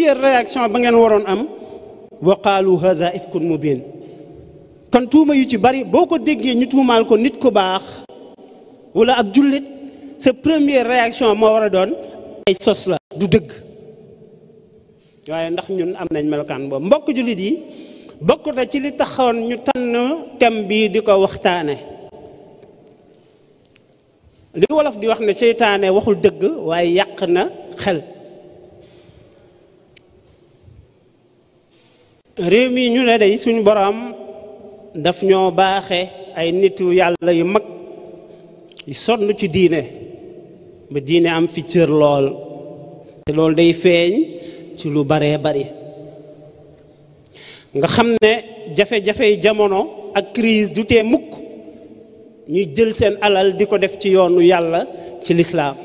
première réaction ba ngeen waroon am waqaalu qaalu haza ifkun mubin kon tuuma yu ci bari boo ko déggee ñu tuumaal ko nit ku baax wala ak jullit sa première réaction moo war a doon ay sos la du dëgg waaye ndax ñun am nañ melokaan boobu mbokk jullit yi bokk na ci li taxoon ñu tànn thème bii di ko waxtaane li wolof di wax na seytaane waxul dëgg waaye yàq na xel réew mi ñu ne day suñu boroom daf ñoo baaxe ay nitu yàlla yu mag yu sonn ci diine ba diine am fi cër lool te loolu day feeñ ci lu baree bari nga xam ne jafe-jafey jamono ak crise du tee mukk ñuy jël seen alal di ko def ci yoonu yàlla ci lislaam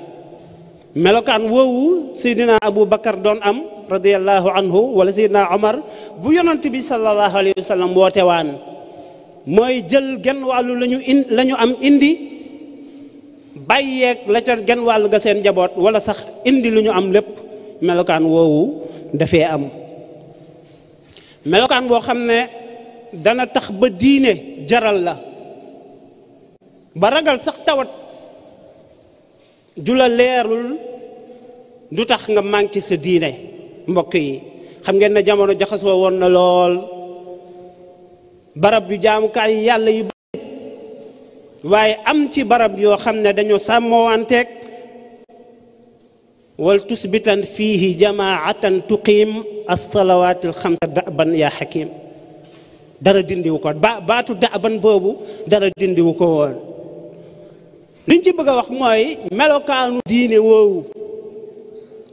melokaan woowu Seydina Abu Bakar doon am radiallahu anhu wala sayidna omar bu yonant bi sallallahu alayhi wa sallam mooy jël genn wàllu lañu in la am indi bàyyeeg la ca genn wàll ga seen njaboot wala sax indi lu ñu am lépp melokaan woowu dafee am melokaan boo xam ne dana tax ba diine jaral la ba ragal sax tawat ju la leerul du tax nga manqué sa diine mbokk yi xam ngeen ne jamono jaxasoo woon na lool barab yu jaamukaay yi yàlla yu bëri waaye am ci barab yoo xam ne dañoo sàmmowanteeg wal tusbitan fiihi jamaatan tuqiim alsalawaatil xamsa daban yaa xakim dara dindiwu ko ba baatu daban boobu dara dindiwu ko woon liñ ci bëgg a wax mooy melokaanu diine woowu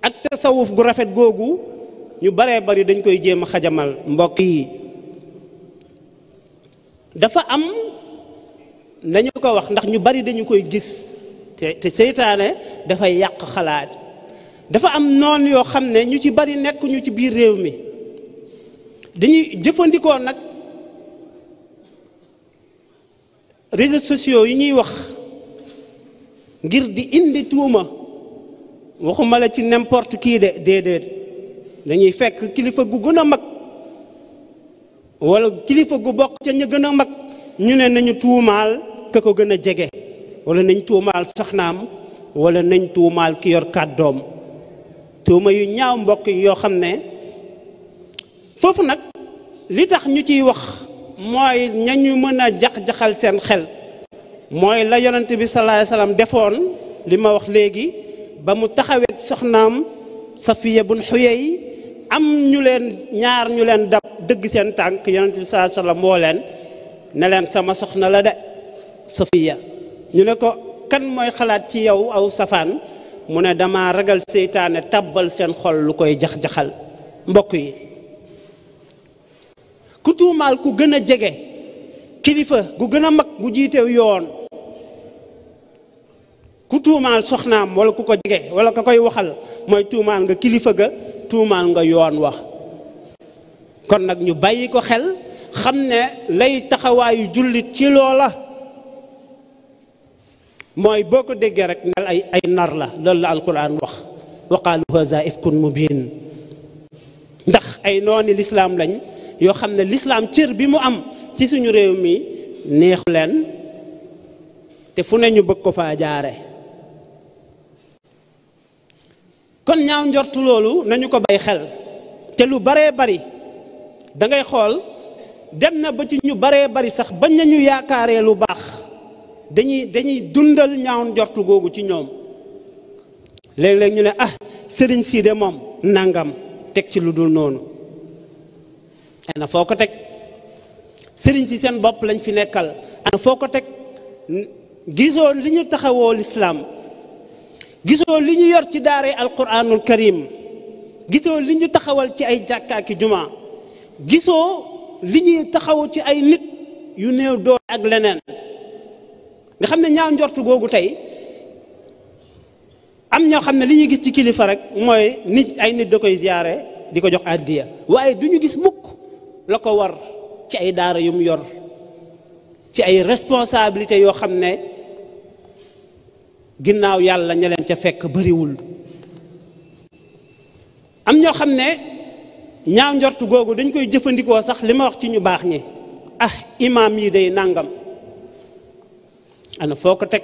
ak tasawuf gu rafet googu ñu baree bari dañ koy jéem a xajamal mbokk yi dafa am nañu ko wax ndax ñu bari dañu koy gis te te seytaane dafay yàq xalaat dafa am noon yoo xam ne ñu ci bari nekkuñu ci biir réew mi dañuy jëfandikoo nag réseaux sociaux yi ñuy wax ngir di indi tuuma waxuma la ci n'importe kii de déedéet dañuy fekk kilifa gu gën a mag wala kilifa gu bokk ca ñu gën a mag ñu ne nañu tuumaal ka ko gën a jege wala nañ tuumaal soxnaam walla nañ tuumaal ki yor kàddoom tuuma yu ñaaw mbokk yoo xam ne foofu nag li tax ñu ciy wax mooy ñañu mën a jax-jaxal seen xel mooy la yonent bi sallallahu salaam defoon li ma wax léegi ba mu taxawee soxnaam safiya bun xuyey am ñu leen ñaar ñu leen dab dëgg seen tànk yonent bi saa sallam woo ne leen sama soxna la de safiya ñu ne ko kan mooy xalaat ci yow aw safaan mu ne dama ragal seytaane tàbbal seen xol lu koy jax-jaxal mbokk yi ku tuumaal ku gën a jege kilifa gu gën a mag gu jiitew yoon tuumaal soxnaam wala ku ko jege wala ka koy waxal mooy tuumaal nga kilifa ga tuumaal nga yoon wax kon nag ñu bàyyi ko xel xam ne lay taxawaayu jullit ci loola mooy boo ko déggee rek nar la loolu la alquran wax wa ndax ay nooni lislaam lañ yoo xam ne lislaam cër bi mu am ci suñu réew mi neexu leen te fu ne ñu bëgg ko faa jaare kon ñaaw njortu loolu nañu ko bay xel te lu baree bari dangay xool dem na ba ci ñu baree bari sax bañ nañu yaakaare lu baax dañuy dañuy dundal ñaaw njortu googu ci ñoom léeg-léeg ñu ne ah sëriñ sii de moom nangam teg ci lu dul noonu ana foo ko teg sëriñ si seen bopp lañ fi nekkal ana foo ko teg gisoon li ñu taxawoo lislaam gisoo li ñu yor ci yi daaree alquranul karim gisoo li ñu taxawal ci ay jàkkaaki juma gisoo li ñuy taxaw ci ay nit yu néew doole ak leneen nga xam ne ñaaw njortu googu tey am ñoo xam ne li ñuy gis ci kilifa rek mooy nit ay nit da koy ziyaare di ko jox àddiya waaye du ñu gis mukk la ko war ci ay daara yu mu yor ci ay responsabilité yoo xam ne ginnaaw yàlla ña leen ca fekk bariwul am ñoo xam ne ñaaw njortu googu dañ koy jëfandikoo sax li ma wax ci ñu baax ñi ah imaam yi day nàngam ana foo ko teg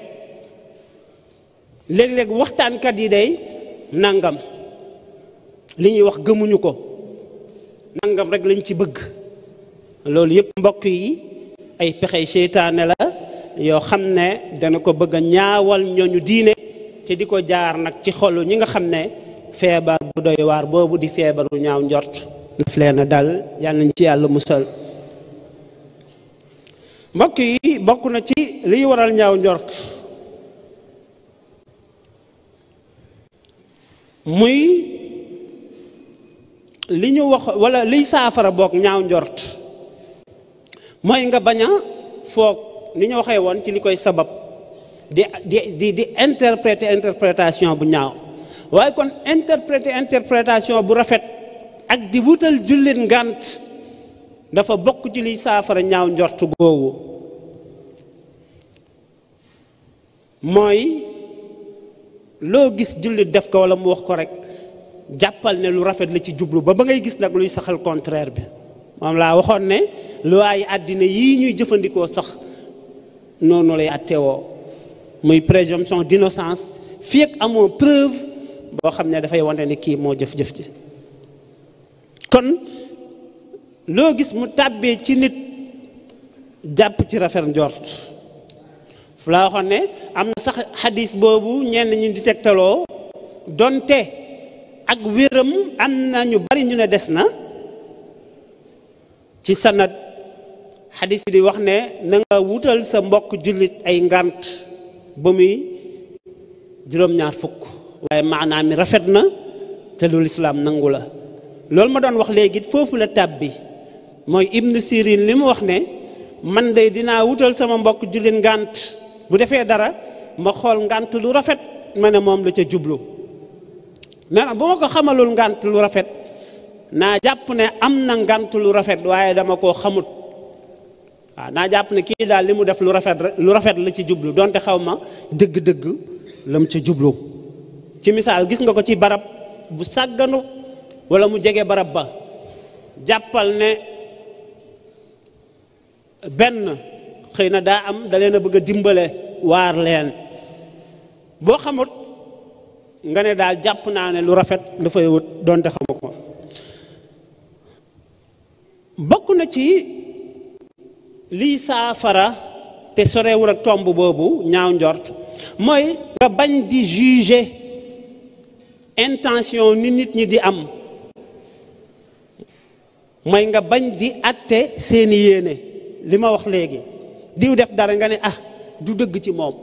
léeg-léeg waxtaankat yi day nàngam li ñuy wax gëmuñu ko nàngam rek lañ ci bëgg loolu yëpp mbokk yi ay pexey seytaane la yow xam ne dana ko bëgg a ñaawal ñu diine te di ko jaar nag ci xolu ñi nga xam ne feebar bu doy waar boobu di feebaru ñaaw njort daf leen a dal yàlla nañ ci yàlla musal mbokk yi bokk na ci liy waral ñaaw njort muy li ñu wax walla liy saafara boog ñaaw njort mooy nga bañ foog ni ñu waxee woon ci li koy sabab di di di interpréter interprétation bu ñaaw waaye kon interpréter interprétation bu rafet ak di wutal jullit ngànt dafa bokk ci liy saafara ñaaw njort googu mooy loo gis jullit def ko walla mu wax ko rek jàppal ne lu rafet la ci jublu ba ba ngay gis nag luy saxal contraire bi moom laa waxoon ne lu ay àddina yii ñuy jëfandikoo sax noonu lay attewoo muy présomption d'innocence fii ak amoo preuve boo xam ne dafay wante ni kii moo jëf-jëf ji kon loo gis mu tàbbee ci nit jàpp ci rafet njort fu laa waxoon ne am na sax xadis boobu ñenn ñu di tegtaloo donte ak wéram am na ñu bari ñu ne des na ci sanad xadis bi di wax ne nanga nga wutal sa mbokk jullit ay ngànt ba muy juróom-ñaar fukk waaye maanaam rafet na te lu islaam nangu la loolu ma doon wax léegi foofu la tab bi mooy ibnu sirin li mu wax ne man de dinaa wutal sama mbokk jullit ngànt bu defee dara ma xool ngànt lu rafet ma ne moom la ca jublu mais bu ma ko xamalul ngànt lu rafet naa jàpp ne am na ngànt lu rafet waaye dama koo xamut waaw naa jàpp ne kii daal li mu def lu rafet lu rafet la ci jublu donte xaw ma dëgg-dëgg la mu ca jublu ci misaal gis nga ko ci barab bu sàgganu walla mu jege barab ba jàppal ne benn xëy na daa am da leen a bëgg a dimbale waar leen boo xamut nga ne daal jàpp naa ne lu rafet dafay wut donte xamu ko bokk na ci lii saafara te sorewul ak tomb boobu ñaaw njort mooy nga bañ di juger intention ni nit ñi di am mooy nga bañ di atte seeni yéene li ma wax léegi diw def dara nga ne ah du dëgg ci moom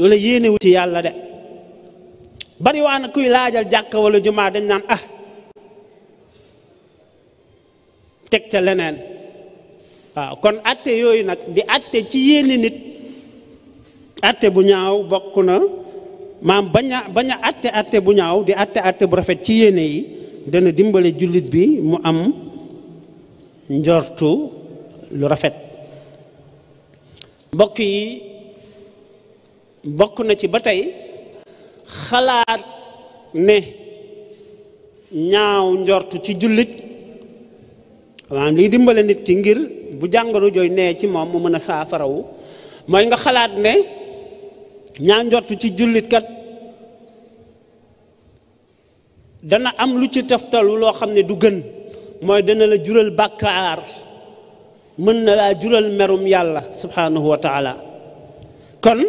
wala yéene wu yàlla de bari waa na kuy laajal jàkka wala jumaa dañ naan ah teg ca leneen waaw kon atte yooyu nag di atte ci yéene nit atte bu ñaaw bokk na maam bañ a bañ a bu ñaaw di atte atte bu rafet ci yéene yi dana dimbale jullit bi mu am njortu lu rafet mbokk yi bokk na ci ba tey xalaat ne ñaaw njortu ci jullit maanaam liy dimbale nit ki ngir bu jàngoro jooy nee ci moom mu mën a saafarawu mooy nga xalaat ne ñaa njottu ci jullit kat dana am lu ci taftalu loo xam ne du gën mooy dana la jural bàkkaar mën na laa jural merum yàlla subhanahu wa taala kon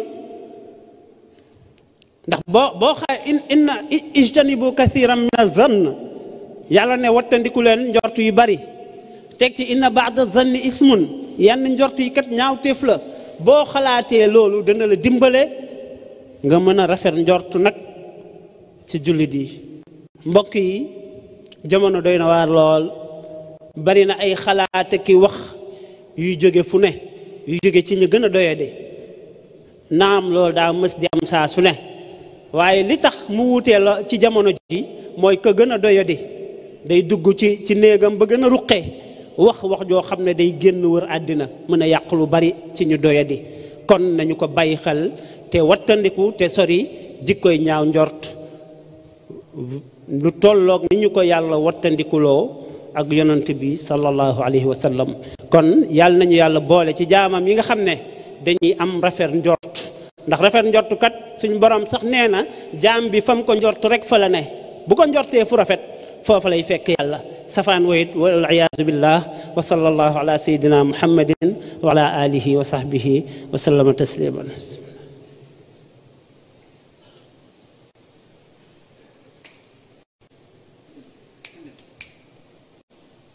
ndax boo boo xaye in inna ijtanibu kathiran min azann yàlla ne wattandiku leen njortu yu bari teg ci inna baada zanni ismun yann njort yi kat ñaaw téef la boo xalaatee loolu dana la dimbale nga mën a rafet njort nag ci jullit yi mbokk yi jamono doy na waar lool bari na ay xalaate ki wax yuy jóge fu ne yuy jóge ci ñu gën a doyadi naam loolu daa mës di am saa su ne waaye li tax mu wutee la ci jamono ji mooy ko gën a doyadi day dugg ci ci néegam ba gëna a wax wax joo xam ne day génn wër àddina mën a yàq lu bari ci ñu doyadi kon nañu ko bàyyi xel te wattandiku te sori jikkoy ñaaw njort lu tollook ni ñu ko yàlla wattandikuloo ak yonant bi sallallahu alayhi wa kon yàlla nañu yàlla boole ci jaamam yi nga xam ne dañuy am rafet njort ndax rafet njortukat kat suñu borom sax nee na jaam bi fam ko njort rek fa la ne bu ko njortee fu rafet foofa lay fekk yàlla safaan wayit wal iyaazu billah wa sallallahu ala sayidina muhammadin wa ala alihi wa sahbihi wa sallama tasliman